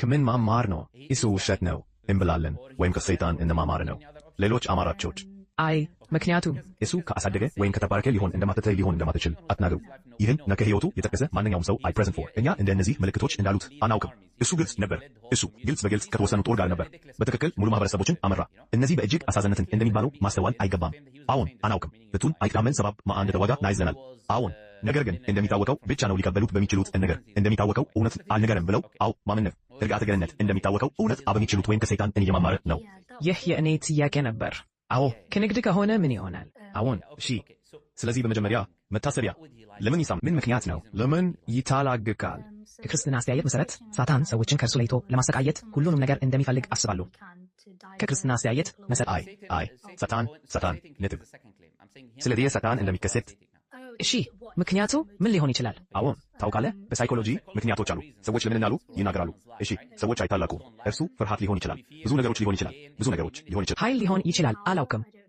ከምን ማማር ነው? እሱ ውሸት ነው እንብላለን፣ ወይም ከሰይጣን እንማማር ነው። ሌሎች አማራቾች አይ ምክንያቱም እሱ ከአሳደገ ወይም ከተባረከ ሊሆን እንደማተተ ሊሆን እንደማትችል አትናገሩ። ይህን ነከ ህይወቱ የጠቀሰ ማንኛውም ሰው አይ ፕሬዘንት ፎር እኛ እንደ እነዚህ ምልክቶች እንዳሉት አናውቅም። እሱ ግልጽ ነበር። እሱ ግልጽ በግልጽ ከተወሰኑ ጦር ጋር ነበር። በትክክል ሙሉ ማህበረሰቦችን አመራ። እነዚህ በእጅግ አሳዘነትን እንደሚባለው ማስተዋል አይገባም። አዎን አናውቅም። እቱን አይቅዳመን ሰባብ ማአንድ ተዋጋ ናይዘናል። አዎን ነገር ግን እንደሚታወቀው ብቻ ነው ሊቀበሉት በሚችሉት ነገር እንደሚታወቀው እውነት አልነገረም ብለው አው ማመነፍ እርጋተ ገነት እንደሚታወቀው እውነት በሚችሉት ወይም ከሰይጣን እየማማረ ነው። ይህ የእኔ ጥያቄ ነበር። አዎ ከንግድ ከሆነ ምን ይሆናል? አዎን፣ እሺ። ስለዚህ በመጀመሪያ መታሰቢያ ለምን ይሳም ምን ምክንያት ነው? ለምን ይታላግቃል? ከክርስትና አስተያየት መሰረት ሳታን ሰዎችን ከእርሱ ለይቶ ለማሰቃየት ሁሉንም ነገር እንደሚፈልግ አስባሉ። ከክርስትና አስተያየት መሰረት አይ አይ ሳታን ሳታን ነጥብ። ስለዚህ ሳታን እንደሚከሰት እሺ ምክንያቱ ምን ሊሆን ይችላል? አዎ፣ ታውቃለህ፣ በሳይኮሎጂ ምክንያቶች አሉ። ሰዎች ለምን እናሉ ይናገራሉ። እሺ ሰዎች አይታላቁ። እርሱ ፍርሃት ሊሆን ይችላል። ብዙ ነገሮች ሊሆን ይችላል። ብዙ ነገሮች ሊሆን ይችላል። ኃይል ሊሆን ይችላል። አላውቅም። honest.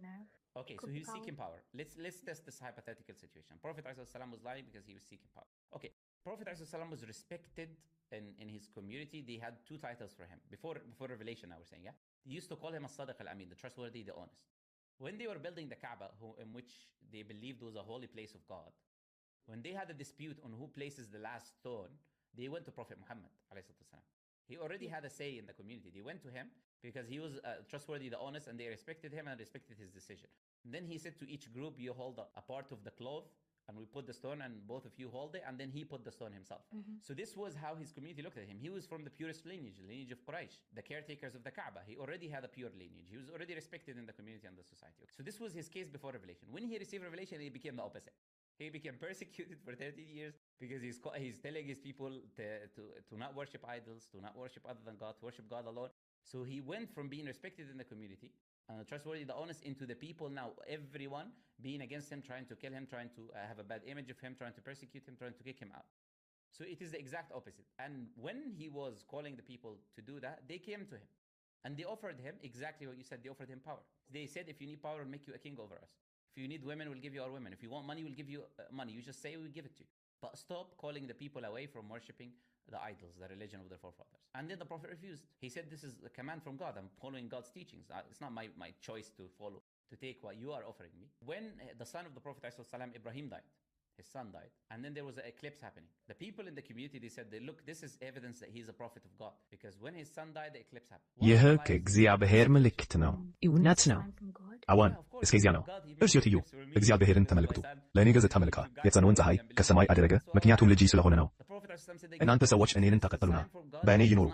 when they were building the Kaaba, who, in which they believed was a holy place of God, when they had a dispute on who places the last stone, they went to Prophet Muhammad. He already had a say in the community. They went to him because he was uh, trustworthy, the honest, and they respected him and respected his decision. And then he said to each group, You hold a, a part of the cloth and we put the stone and both of you hold it and then he put the stone himself mm-hmm. so this was how his community looked at him he was from the purest lineage the lineage of quraish the caretakers of the kaaba he already had a pure lineage he was already respected in the community and the society so this was his case before revelation when he received revelation he became the opposite he became persecuted for thirty years because he's, he's telling his people to, to, to not worship idols to not worship other than god to worship god alone so he went from being respected in the community uh, trustworthy, the honest into the people now, everyone being against him, trying to kill him, trying to uh, have a bad image of him, trying to persecute him, trying to kick him out. So it is the exact opposite. And when he was calling the people to do that, they came to him and they offered him exactly what you said. They offered him power. They said, if you need power, we'll make you a king over us. If you need women, we'll give you our women. If you want money, we'll give you uh, money. You just say, we'll give it to you. But stop calling the people away from worshipping the idols, the religion of their forefathers. And then the Prophet refused. He said, This is a command from God. I'm following God's teachings. It's not my, my choice to follow, to take what you are offering me. When uh, the son of the Prophet, ﷺ, Ibrahim, died, his son died. And then there was an eclipse happening. The people in the community, they said, look, this is evidence that he's a prophet of God. Because when his son died, the eclipse happened. ይህ ከእግዚአብሔር ምልክት ነው፣ እውነት ነው። አዎን እስከዚያ ነው። እርሲዮት እዩ እግዚአብሔርን ተመልክቱ። ለእኔ ገጽታ መልካ የጸነውን ፀሐይ ከሰማይ አደረገ፣ ምክንያቱም ልጅ ስለሆነ ነው። እናንተ ሰዎች እኔንን ተከተሉና በእኔ ይኖሩ።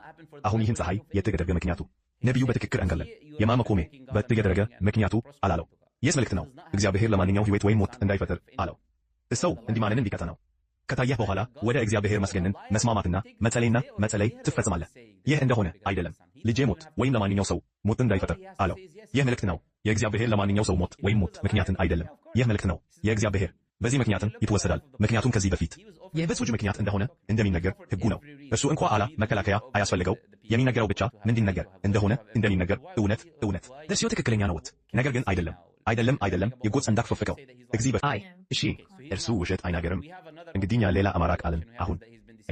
አሁን ይህን ፀሐይ የተገደረገ ምክንያቱ ነቢዩ በትክክል አንገለን የማመኮሜ በተገደረገ ምክንያቱ አላለው። የስ መልእክት ነው። እግዚአብሔር ለማንኛው ሕይወት ወይም ሞት እንዳይፈጥር አለው። እሰው እንዲማንን እንዲቀጠ ነው። ከታየህ በኋላ ወደ እግዚአብሔር መስገንን መስማማትና መጸለይና መጸለይ ትፈጽማለህ። ይህ እንደሆነ አይደለም ልጄ ሞት ወይም ለማንኛው ሰው ሞት እንዳይፈጥር አለው። ይህ ምልክት ነው። የእግዚአብሔር ለማንኛው ሰው ሞት ወይም ሞት ምክንያትን አይደለም። ይህ መልእክት ነው። የእግዚአብሔር በዚህ ምክንያትን ይትወሰዳል። ምክንያቱም ከዚህ በፊት የብዙ ምክንያት እንደሆነ እንደሚነገር ህጉ ነው። እሱ እንኳ አላ መከላከያ አያስፈልገው የሚነገረው ብቻ እንዲነገር እንደሆነ እንደሚነገር እውነት እውነት እርሱ ትክክለኛ ነውት ነገር ግን አይደለም አይደለም አይደለም የጎት ሰንዳክ ፎፍቀው እግዚአብሔር። አይ እሺ እርሱ ውሸት አይናገርም። እንግዲኛ ሌላ አማራ ቃልን አሁን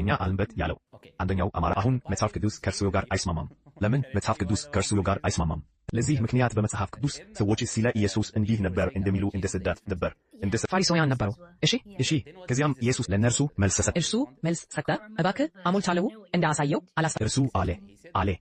እኛ አልንበት ያለው አንደኛው አማራ አሁን መጽሐፍ ቅዱስ ከእርስዎ ጋር አይስማማም። ለምን መጽሐፍ ቅዱስ ከእርስዎ ጋር አይስማማም? ለዚህ ምክንያት በመጽሐፍ ቅዱስ ሰዎች ስለ ኢየሱስ እንዲህ ነበር እንደሚሉ እንደ ስዳት ነበር እንደ ፈሪሳውያን ነበሩ። እሺ እሺ። ከዚያም ኢየሱስ ለእነርሱ መልስ ሰጠ። እርሱ መልስ ሰጠ፣ እባክህ አሞልቻለሁ እንዳሳየው አላሳ እርሱ አለ አለ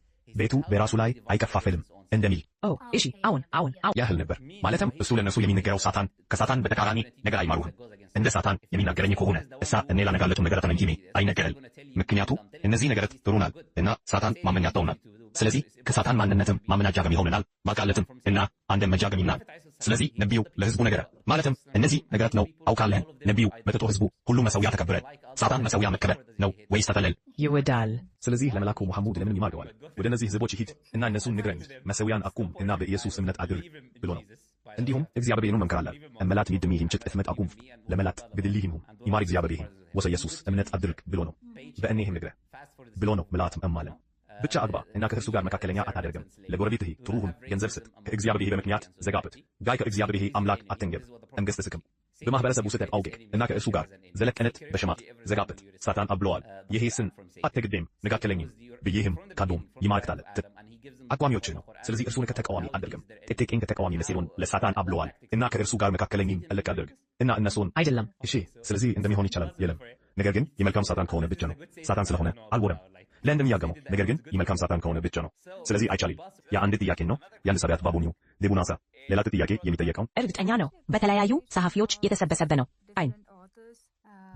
ቤቱ በራሱ ላይ አይከፋፈልም። እንደሚል ኦ እሺ፣ አሁን አሁን አሁን ያህል ነበር። ማለትም እሱ ለእነሱ የሚነገረው ሳታን ከሳታን በተቃራኒ ነገር አይማሩህም እንደ ሳታን የሚናገረኝ ከሆነ እሳ እኔ ላነጋለችው ነገር አታመንኪሜ አይነገረል። ምክንያቱ እነዚህ ነገረት ጥሩናል እና ሳታን ማመኛተውናል። ስለዚህ ከሳታን ማንነትም ማመናጃገም ይሆንናል ማቃለትም እና አንደ መጃገም ይናል። ስለዚህ ነቢዩ ለህዝቡ ነገረ ማለትም እነዚህ ነገረት ነው አውቃለህን። ነቢዩ መጥቶ ህዝቡ ሁሉ መሰዊያ ተከበረ። ሳታን መሰዊያ መከበር ነው ወይስ ተጠለል ይወዳል? ስለዚህ ለመላኩ መሐሙድ ለምን ይማልደዋል? ወደ እነዚህ ህዝቦች ሂድ እና እነሱን ንገረኝ፣ መሰዊያን አቁም እና በኢየሱስ እምነት አድር ብሎ ነው። እንዲሁም እግዚአብሔርን እመክራለሁ እመላት ሚድሚህም ጭጥ እትመጣ ቁም ለመላት ግድልህም ይማር እግዚአብሔርህም ወሰየሱስ እምነት አድርግ ብሎ ነው። በእኔህም ንግረ ብሎ ነው። ምልአትም እማለን ብቻ አግባ እና ከእርሱ ጋር መካከለኛ አታደርግም። ለጎረቤትህ ጥሩህን ገንዘብ ስጥ። ከእግዚአብሔር በምክንያት ዘጋበት ጋይ ከእግዚአብሔር አምላክ አትንገብ እንገሥትስክም በማህበረሰቡ ስህተት አውቅቅ እና ከእሱ ጋር ዘለቀነት በሸማት ዘጋበት ሳታን አብለዋል። ይሄ ስን አትግዴም ንጋከለኝም ብዬህም ካዶም ይማርክታለ አቋሚዎች ነው። ስለዚህ እርሱን ከተቃዋሚ አደርግም። ጤጤቄን ከተቃዋሚ ለሴሎን ለሳጣን አብለዋል እና ከእርሱ ጋር መካከለኝን ጠለቅ አደርግ እና እነሱን አይደለም። እሺ፣ ስለዚህ እንደሚሆን ይቻላል የለም። ነገር ግን የመልካም ሳጣን ከሆነ ብቻ ነው። ሳጣን ስለሆነ አልወረም ለእንደም ያገመው ነገር ግን የመልካም ሳጣን ከሆነ ብቻ ነው። ስለዚህ አይቻልም። የአንድ ጥያቄ ነው። ያን ሰባት ባቡኒው ሌቡናሳ ሌላት ጥያቄ የሚጠየቀው እርግጠኛ ነው። በተለያዩ ጸሐፊዎች የተሰበሰበ ነው አይን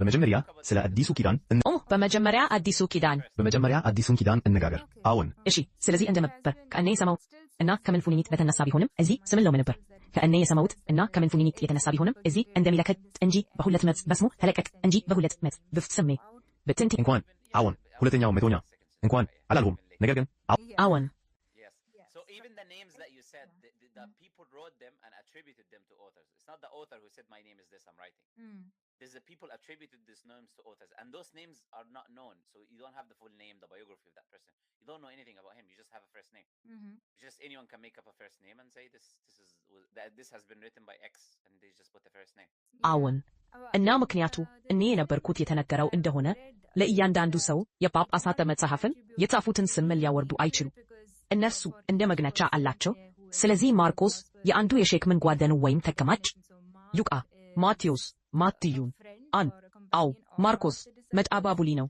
በመጀመሪያ ስለ አዲሱ ኪዳን ኦ በመጀመሪያ አዲሱ ኪዳን በመጀመሪያ አዲሱን ኪዳን እንነጋገር። አዎን፣ እሺ። ስለዚህ እንደነበር ከእኔ የሰማው እና ከምንፉኒኒት በተነሳ ቢሆንም እዚህ ስምን ለው ነበር ከእኔ የሰማሁት እና ከምንፉኒኒት የተነሳ ቢሆንም እዚህ እንደሚለከት እንጂ በሁለት መት በስሙ ተለቀቅ እንጂ በሁለት መት ብፍት ስሜ ብትንቲ እንኳን አዎን፣ ሁለተኛው መቶኛ እንኳን አላልሁም። ነገር ግን አዎን So even the names that you said, the, the, the people wrote them and attributed them to authors. It's not the author who said, "My name is this. I'm writing." Mm. There's the people attributed these names to authors, and those names are not known. So you don't have the full name, the biography of that person. You don't know anything about him. You just have a first name. Mm-hmm. Just anyone can make up a first name and say this this is that this has been written by X, and they just put the first name. አዎን እና ምክንያቱ እኔ የነበርኩት የተነገረው እንደሆነ ለእያንዳንዱ ሰው የጳጳሳተ መጽሐፍን የጻፉትን ስም ሊያወርዱ አይችሉ። እነርሱ እንደ መግነቻ አላቸው። ስለዚህ ማርቆስ የአንዱ የሼክምን ጓደኑ ወይም ተከማች፣ ሉቃ፣ ማቴዎስ ማትዩን አን አው ማርቆስ መጣባቡሊ ነው።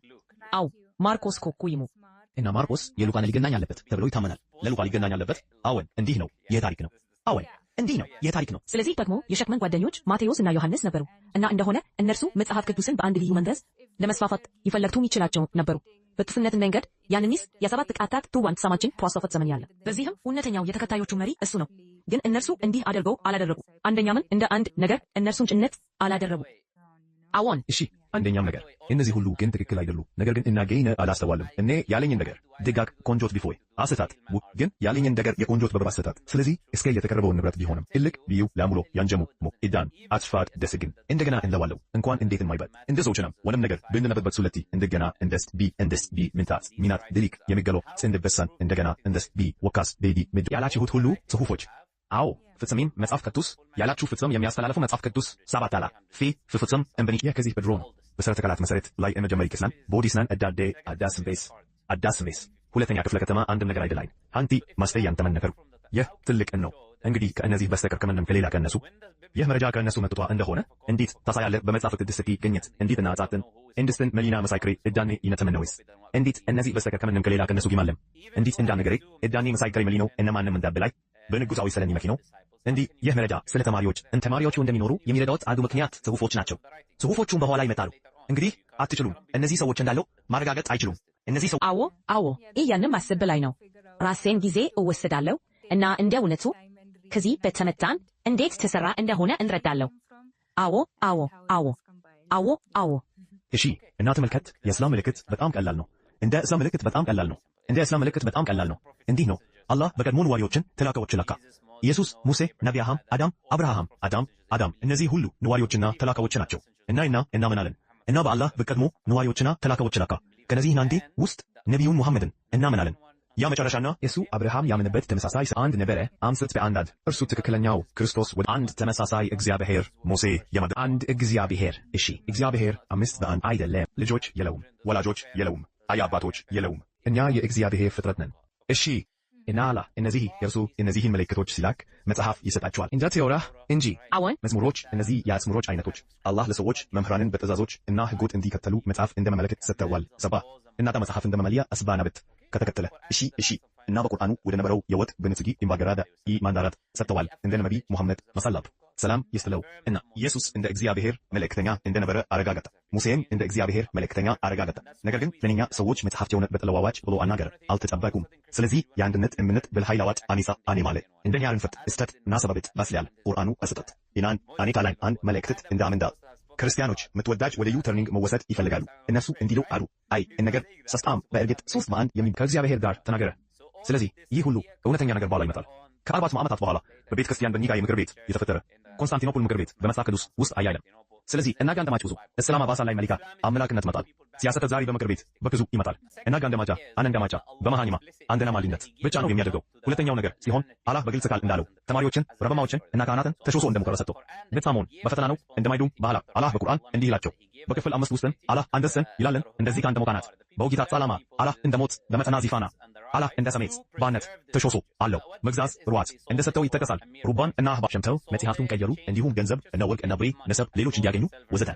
አው ማርቆስ ኮኩይሙ እና ማርቆስ የሉቃን ሊገናኝ አለበት ተብሎ ይታመናል። ለሉቃ ሊገናኝ አለበት። አወን እንዲህ ነው፣ ይህ ታሪክ ነው። አወን እንዲህ ነው፣ ይህ ታሪክ ነው። ስለዚህ ደግሞ የሸክመን ጓደኞች ማቴዎስ እና ዮሐንስ ነበሩ እና እንደሆነ እነርሱ መጽሐፍ ቅዱስን በአንድ ልዩ መንገድ ለመስፋፋት ይፈለግቱም ይችላቸው ነበሩ። በጥፍነት መንገድ ያንኒስ የሰባት ቃታት ትዋን ሰማችን ፖስቶፈት ዘመን ያለ በዚህም እውነተኛው የተከታዮቹ መሪ እሱ ነው። ግን እነርሱ እንዲህ አድርገው አላደረጉ። አንደኛምን እንደ አንድ ነገር እነርሱን ጭነት አላደረጉ። አዎን፣ እሺ፣ አንደኛም ነገር እነዚህ ሁሉ ግን ትክክል አይደሉ። ነገር ግን እናገኝነ አላስተዋልም። እኔ ያለኝን ነገር ድጋቅ ቆንጆት ቢፎይ አሰታት ግን ያለኝን ነገር የቆንጆት በበብ አሰታት። ስለዚህ እስከ የተቀረበውን ንብረት ቢሆንም እልቅ ቢዩ ላሙሎ ያንጀሙ ሞ ኢዳን አትፋት ደስ ግን እንደገና እንለዋለው እንኳን እንዴት የማይበል እንደ ሰዎችናም ወንም ነገር ብንነበበት ሱለቲ እንደገና እንደስ ቢ እንደስ ቢ ምንታት ሚናት ድሊክ የሚገለው ጽንድ እንደገና እንደስ ቢ ወካስ ቤዲ ምድ ያላችሁት ሁሉ ጽሁፎች Au, ፍጽሜም መጽሐፍ ቅዱስ ያላችሁ ፍጽም የሚያስተላልፈው መጽሐፍ ቅዱስ ሰባት አላ ፌ ፍፍጽም እምብኒ ይህ ከዚህ በድሮ ነው። መሰረተ ቃላት መሰረት ላይ እመጀመሪ ክስናን ቦዲስናን እዳዴ አዳስም ቤስ አዳስም ቤስ ሁለተኛ ክፍለ ከተማ አንድም ነገር አይደላይን አንቲ ማስተያን ተመነከሩ ይህ ትልቅን ነው። እንግዲህ ከእነዚህ በስተቀር ከምንም ከሌላ ከእነሱ ይህ መረጃ ከእነሱ መጥቷ እንደሆነ እንዴት ታሳያለህ? በመጽሐፍ ቅዱስ ጥቂ ግኝት እንዴት እና አጻጥን እንድስትን መሊና መሳይክሬ እዳኔ ይነተመነውስ እንዴት እነዚህ በስተቀር ከምንም ከሌላ ከእነሱ ጊማለም እንዴት እንዳነገሬ እዳኔ መሳይክሬ መሊነው እነማንም እንዳበላይ በንጉሳዊ በንጉሣዊ ስለሚመኪ ነው። እንዲህ ይህ መረጃ ስለ ተማሪዎች እንደ ተማሪዎቹ እንደሚኖሩ የሚረዳውት አንዱ ምክንያት ጽሑፎች ናቸው። ጽሑፎቹም በኋላ ይመጣሉ። እንግዲህ አትችሉም፣ እነዚህ ሰዎች እንዳለው ማረጋገጥ አይችሉም። እነዚህ ሰው አዎ፣ አዎ፣ ይህንም አስብ ላይ ነው። ራሴን ጊዜ እወስዳለሁ እና እንደ እውነቱ ከዚህ በተመጣን እንዴት ተሰራ እንደሆነ እንረዳለሁ። አዎ፣ አዎ፣ አዎ፣ አዎ፣ አዎ። እሺ እና ተመልከት፣ የእስላም ምልክት በጣም ቀላል ነው። እንደ እስላም ምልክት በጣም ቀላል ነው። እንደ እስላም ምልክት በጣም ቀላል ነው። እንዲህ ነው አላህ በቀድሞ ንዋሪዎችን ተላካዎች ላካ። ኢየሱስ፣ ሙሴ፣ ነቢያሃም፣ አዳም፣ አብርሃም፣ አዳም፣ አዳም እነዚህ ሁሉ ንዋሪዎችና ተላካዎች ናቸው። እና እናምናለን እና በአላህ በቀድሞ ንዋሪዎችና ተላካዎች ላካ። ከነዚህ ናንዴ ውስጥ ነቢዩን ሙሐመድን እናምናለን። ያ መጨረሻና የሱ አብርሃም ያምንበት ተመሳሳይ አንድ ነበረ አምስት በአንዳድ እርሱ ትክክለኛው ክርስቶስ ወደ አንድ ተመሳሳይ እግዚአብሔር ሙሴ የመድ አንድ እግዚአብሔር እሺ እግዚአብሔር አምስት በአንድ አይደለም ልጆች የለውም ወላጆች የለውም አያ አባቶች የለውም እኛ የእግዚአብሔር ፍጥረት ነን እሺ እና አላ እነዚህ የእርሱ እነዚህን ምልክቶች ሲላክ መጽሐፍ ይሰጣቸዋል እንደ ቴዎራ እንጂ አዎን መዝሙሮች እነዚህ የአጽሙሮች አይነቶች አላህ ለሰዎች መምህራንን በትእዛዞች እና ህጎት እንዲከተሉ መጽሐፍ እንደ መመለከት ሰጥተዋል ሰባ እናታ መጽሐፍ እንደ መመልያ አስባናብት ከተከተለ እሺ እሺ እና በቁርአኑ ወደ ነበረው የወጥ ብንጽጊ ኢምባገራዳ ይህ ማንዳራት ሰጥተዋል እንደ ነቢ ሙሐመድ መሳላቱ ሰላም ይስጥለው እና ኢየሱስ እንደ እግዚአብሔር መልእክተኛ እንደነበረ አረጋገጠ። ሙሴም እንደ እግዚአብሔር መልእክተኛ አረጋገጠ። ነገር ግን ጤነኛ ሰዎች መጽሐፋቸውን በተለዋዋጭ ብሎ አናገረ አልተጠበቁም። ስለዚህ የአንድነት እምነት ብልሃይ ለዋጥ አኒሳ አኔ ማለ እንደኛ ያርንፈት እስተት እና ባስሊያል ቁርአኑ አሰጠት ኢናን አኔታ አንድ መልእክትት እንዳምንዳል ክርስቲያኖች ምትወዳጅ ወደ ዩ ተርኒንግ መወሰድ ይፈልጋሉ። እነሱ እንዲሉ አሉ አይ ነገር ሰስጣም በእርግጥ ሶስት በአንድ የሚል ከእግዚአብሔር ጋር ተናገረ። ስለዚህ ይህ ሁሉ እውነተኛ ነገር በኋላ ይመጣል። ከአርባት ዓመታት በኋላ በቤተ ክርስቲያን በኒቃ የምክር ቤት የተፈጠረ ኮንስታንቲኖፖል ምክር ቤት በመጽሐፍ ቅዱስ ውስጥ አያለን። ስለዚህ እና ጋንደማች ብዙ እስላማ ባሳ ላይ መሊካ አምላክነት መጣል ሲያሰተ ዛሬ በምክር ቤት በክዙ ይመጣል እና ጋንደማቻ አነንደማቻ በመሃኒማ አንደና ማሊነት ብቻ ነው የሚያደርገው። ሁለተኛው ነገር ሲሆን አላህ በግልጽ ቃል እንዳለው ተማሪዎችን ረበማዎችን እና ካህናትን ተሾሶ እንደሞከረ ሰጠው ብትሳሞን በፈተና ነው እንደማይዱም ባህላ አላህ በቁርአን እንዲህ ይላቸው በክፍል አምስት ውስጥን አላህ አንደስን ይላልን እንደዚህ ካንደሞ ሞካናት በውጊታ ጻላማ አላህ እንደሞት ለመተና ዚፋና አላ እንደ ሰሜት ባነት ተሾሶ አለው ሩዋት እንደ ሰጠው ይጠቀሳል። ሩባን እና አህባ ሸምተው መጽሐፍቱን ቀየሩ። እንዲሁም ገንዘብ እና ወርቅ እና ብሬ ነሰብ ሌሎች እንዲያገኙ ወዘተ።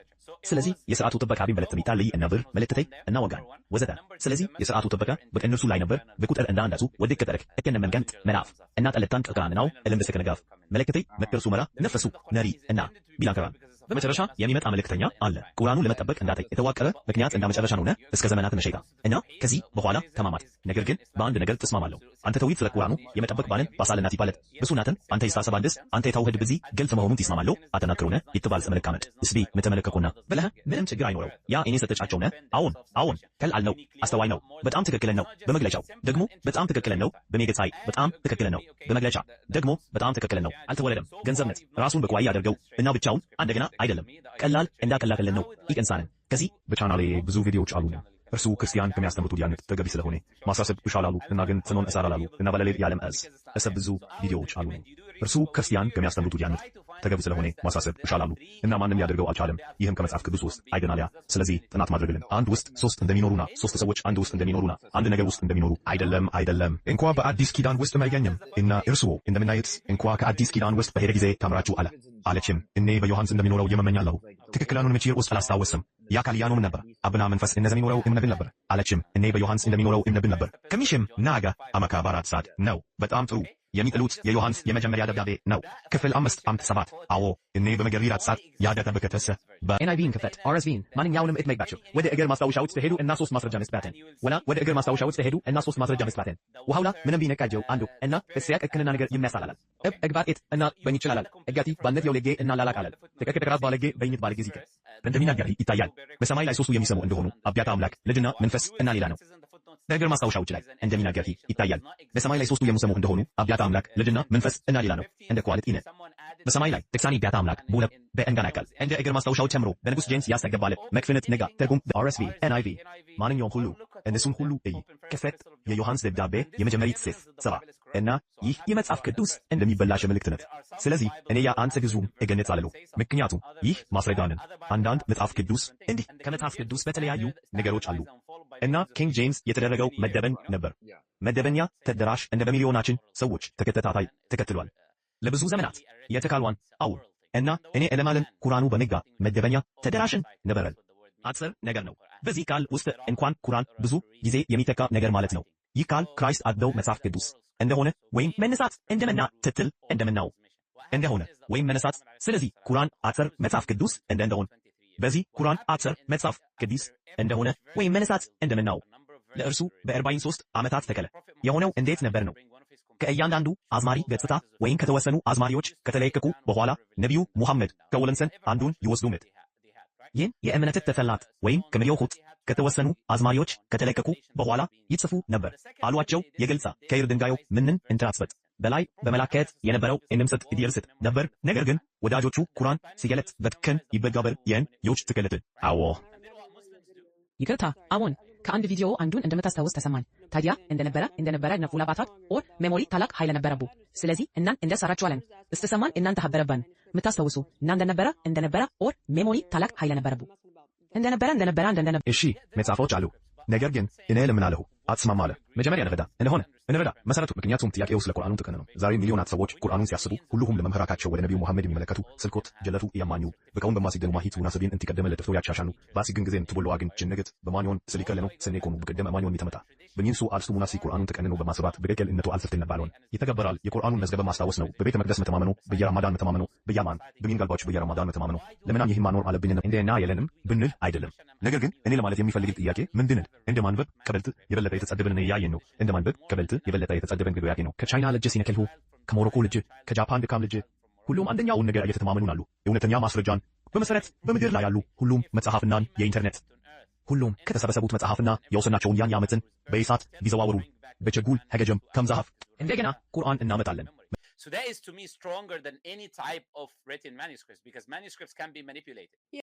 ስለዚህ የሥርዓቱ ጥበቃ ቢመለከት ሚጣልይ እና ብር መለተተይ እና ወጋን ወዘተ። ስለዚህ የሥርዓቱ ጥበቃ በእነርሱ ላይ ነበር። በቁጥር እንደ አንዳቱ ወደ ከጠረክ እከነ መንገንት መናፍ እና ጠለታን ቀቃናው እልም ስከነጋፍ መለከተይ መከርሱ መራ ነፈሱ ነሪ እና ቢላከራን በመጨረሻ የሚመጣ መልእክተኛ አለ። ቁርአኑን ለመጠበቅ እንዳታይ የተዋቀረ ምክንያት እንዳ መጨረሻ ነውና እስከ ዘመናት መሸጋ እና ከዚህ በኋላ ተማማት። ነገር ግን በአንድ ነገር ተስማማለሁ። አንተ ተውሂድ ስለ ቁርአኑ የመጠበቅ ባልን ባሳልናት ይባለት ብሱናትን አንተ ይሳሰብ አንድስ አንተ የተውሂድ በዚህ ግልጽ መሆኑን ትስማማለሁ። አተናክሩነ ይትባል ዘመልካመድ እስቢ ምተመለከኩና ብለህ ምንም ችግር አይኖረው። ያ እኔ ሰጠጫቸውነ አሁን አሁን ከልአል ነው አስተዋይ ነው። በጣም ትክክል ነው። በመግለጫው ደግሞ በጣም ትክክል ነው። በሜገጻይ በጣም ትክክል ነው። በመግለጫ ደግሞ በጣም ትክክል ነው። አልተወለደም ገንዘብነት ራሱን በቋይ ያደርገው እና ብቻውን አንደገና አይደለም። ቀላል እንዳቀላቀለን ነው። ይቀንሳለን። ከዚህ በቻናሌ ብዙ ቪዲዮዎች አሉ። እርሱ ክርስቲያን ከሚያስተምሩት ያንቅ ተገቢ ስለሆነ ማሳሰብ ይሻላሉ እና ግን ጽኖን እሳራላሉ እና በሌሊት ያለም እስ እሰብ ብዙ ቪዲዮዎች አሉ። እርሱ ክርስቲያን ከሚያስተምሩት ያነት ተገብ ስለሆነ ማሳሰብ ይሻላሉ እና ማንም ያደርገው አልቻለም። ይህም ከመጽሐፍ ቅዱስ ውስጥ አይደናልያ። ስለዚህ ጥናት ማድረግልን አንድ ውስጥ ሶስት እንደሚኖሩና ሶስት ሰዎች አንድ ውስጥ እንደሚኖሩና አንድ ነገር ውስጥ እንደሚኖሩ አይደለም አይደለም እንኳ በአዲስ ኪዳን ውስጥ አይገኝም እና እርስዎ እንደምናየት እንኳ ከአዲስ ኪዳን ውስጥ በሄደ ጊዜ ተምራችሁ አለ አለችም። እኔ በዮሐንስ እንደሚኖረው የመመኛለሁ። ትክክለኛውን ምችር ውስጥ አላስታወስም። ያ ካልያኖም ነበር አብና መንፈስ እነ ዘሚኖረው እምነብን ነበር አለችም። እኔ በዮሐንስ እንደሚኖረው እምነብን ነበር ከሚሽም ናጋ አመካ ባራት ሰዓት ነው። በጣም ጥሩ የሚጥሉት የዮሐንስ የመጀመሪያ ደብዳቤ ነው። ክፍል አምስት አምት ሰባት አዎ እኔ ራትሳት ያደተ በከተሰ በኤንአይቪን ክፈት አርኤስቪን ማንኛውንም እት መግባቸው ወደ እግር ውስጥ ተሄዱ እና ሶስት ማስረጃ መስጠትን ወላ ወደ እግር ውስጥ ተሄዱ እና ሶስት ማስረጃ መስጠትን ውሃውላ ምንም ቢነቃጀው አንዱ እና እስያ እክንና ነገር ይመሳላላል እብ እግባት እት እና በሚችላላል እጋቲ ባነት ለጌ እና ላላቃላል ተቀቅ ተቀራት ባለጌ በይኝት ባለጌ ዚቀ እንደሚናገር ይታያል በሰማይ ላይ ሶስቱ የሚሰሙ እንደሆኑ አብያታ አምላክ ልጅና መንፈስ እና ሌላ ነው በእግር ማስታወሻዎች ላይ እንደሚናገር ይታያል። በሰማይ ላይ ሶስቱ የሙሰሙ እንደሆኑ አብያተ አምላክ፣ ልጅና መንፈስ እና ሌላ ነው። እንደ ኳልት ይነ በሰማይ ላይ ተክሳኒ ቢያተ አምላክ ቡለ በእንጋና ቃል እንደ እግር ማስታወሻዎች ጨምሮ በንጉስ ጄምስ ያስተገባለ መክፍነት ነጋ ተርጉም በአርኤስቪ ኤንአይቪ ማንኛውም ሁሉ እነሱም ሁሉ እይ ክፈት የዮሐንስ ደብዳቤ የመጀመሪት ሴፍ ሰባ እና ይህ የመጽሐፍ ቅዱስ እንደሚበላሽ ምልክት ነት። ስለዚህ እኔ ያ አንተ ግዙም እገነት አለሉ ምክንያቱም ይህ ማስረጃንን አንዳንድ መጽሐፍ ቅዱስ እንዲህ ከመጽሐፍ ቅዱስ በተለያዩ ነገሮች አሉ እና ኪንግ ጄምስ የተደረገው መደበን ነበር። መደበኛ ተደራሽ እንደ በሚሊዮናችን ሰዎች ተከታታይ ተከትሏል። ለብዙ ዘመናት የተካሏን አውል እና እኔ ለማለም ኩራኑ በንጋ መደበኛ ተደራሽን ነበረል አጥር ነገር ነው። በዚህ ቃል ውስጥ እንኳን ኩራን ብዙ ጊዜ የሚተካ ነገር ማለት ነው። ይህ ቃል ክራይስት አደው መጽሐፍ ቅዱስ እንደሆነ ወይም መነሳት እንደመና ትትል እንደምናው እንደሆነ ወይም መነሳት። ስለዚህ ኩራን አጥር መጽሐፍ ቅዱስ እንደ እንደሆነ በዚህ ቁርአን አክሰር መጽሐፍ ቅዱስ እንደሆነ ወይም መነሳት እንደምናው ለእርሱ በአርባይን ሶስት ዓመታት ተከለ የሆነው እንዴት ነበር ነው? ከእያንዳንዱ አዝማሪ ገጽታ ወይም ከተወሰኑ አዝማሪዎች ከተለቀቁ በኋላ ነቢዩ ሙሐመድ ከወለንሰን አንዱን ይወስዱምት። ይህን የእምነት ተፈላት ወይም ከመዮሁት ከተወሰኑ አዝማሪዎች ከተለቀቁ በኋላ ይጽፉ ነበር አሏቸው። የገልጻ ከይር ድንጋዩ ምንን እንትራስበት በላይ በመላከት የነበረው እንምሰት ይደርስት ነበር። ነገር ግን ወዳጆቹ ቁራን ሲገለጥ በትከን ይበጋበር የን የውጭ ትገለጥ አዎ ይቅርታ አዎን ከአንድ ቪዲዮ አንዱን እንደምታስታውስ ተሰማኝ። ታዲያ እንደነበረ እንደነበረ ነፉላ ባታት ኦር ሜሞሪ ታላቅ ኃይል ነበረቡ። ስለዚህ እናን እንደሰራችኋለን እስተሰማን እናን ሀበረበን የምታስታውሱ እና እንደነበረ እንደነበረ ኦር ሜሞሪ ታላቅ ኃይል ነበረቡ እንደነበረ እንደነበረ እንደነበረ እሺ መጽሐፎች አሉ። ነገር ግን እኔ ለምን አለሁ አትስማማ አለ። መጀመሪያ እንረዳ እንደሆነ እንረዳ መሰረቱ። ምክንያቱም ጥያቄው ስለ ቁርአኑ ጥቅም ነው። ዛሬ ሚሊዮናት ሰዎች ቁርአኑን ሲያስቡ ሁሉም ለመምህራካቸው ወደ ነቢዩ መሐመድ የሚመለከቱ ስልኮት ጀለቱ እያማኙ በቀውን በማሲገን ማሂት ውናሰቤን እንትቀደመ ለጥፍቶ ያቻሻሉ ባሲግን ጊዜም ትቦሎ አግን ጅንግት በማኞን ስሊከለነው ስኔኮኑ ብቅደመ ማኞን የተመጣ በሚንሱ አልሱ ሙናሲ ቁርአኑን ተቀንኖ በማስባት በገገል እነቱ አልስፍት ነባለውን ይተገበራል። የቁርአኑን መዝገበ ማስታወስ ነው። በቤተ መቅደስ መተማመኑ፣ በየራማዳን መተማመኑ፣ በያማን በሚን ጋልባዎች በየራማዳን መተማመኑ። ለምና ይህን ማኖር አለብኝ እንደና የለንም ብንል አይደለም። ነገር ግን እኔ ለማለት የሚፈልግ ጥያቄ ምንድን እንደ ማንበብ ከበልጥ የበለጠ የተጻደበንን እያየን ነው። እንደ ማንበብ ከበልት የበለጠ የተጻደበን ግዶ ያገኝ ነው። ከቻይና ልጅ ሲነከልሁ፣ ከሞሮኮ ልጅ፣ ከጃፓን ድካም ልጅ ሁሉም አንደኛውን ነገር እየተተማመኑን አሉ። እውነተኛ ማስረጃን በመሰረት በምድር ላይ ያሉ ሁሉም መጽሐፍናን የኢንተርኔት ሁሉም ከተሰበሰቡት መጽሐፍና የወሰናቸውን ያን ያመትን በይሳት ቢዘዋወሩ በቸጉል ሀገጀም ከምዛሐፍ እንደገና ቁርአን እናመጣለን። So that is to me stronger than any type of written manuscripts because manuscripts can be manipulated. Yeah.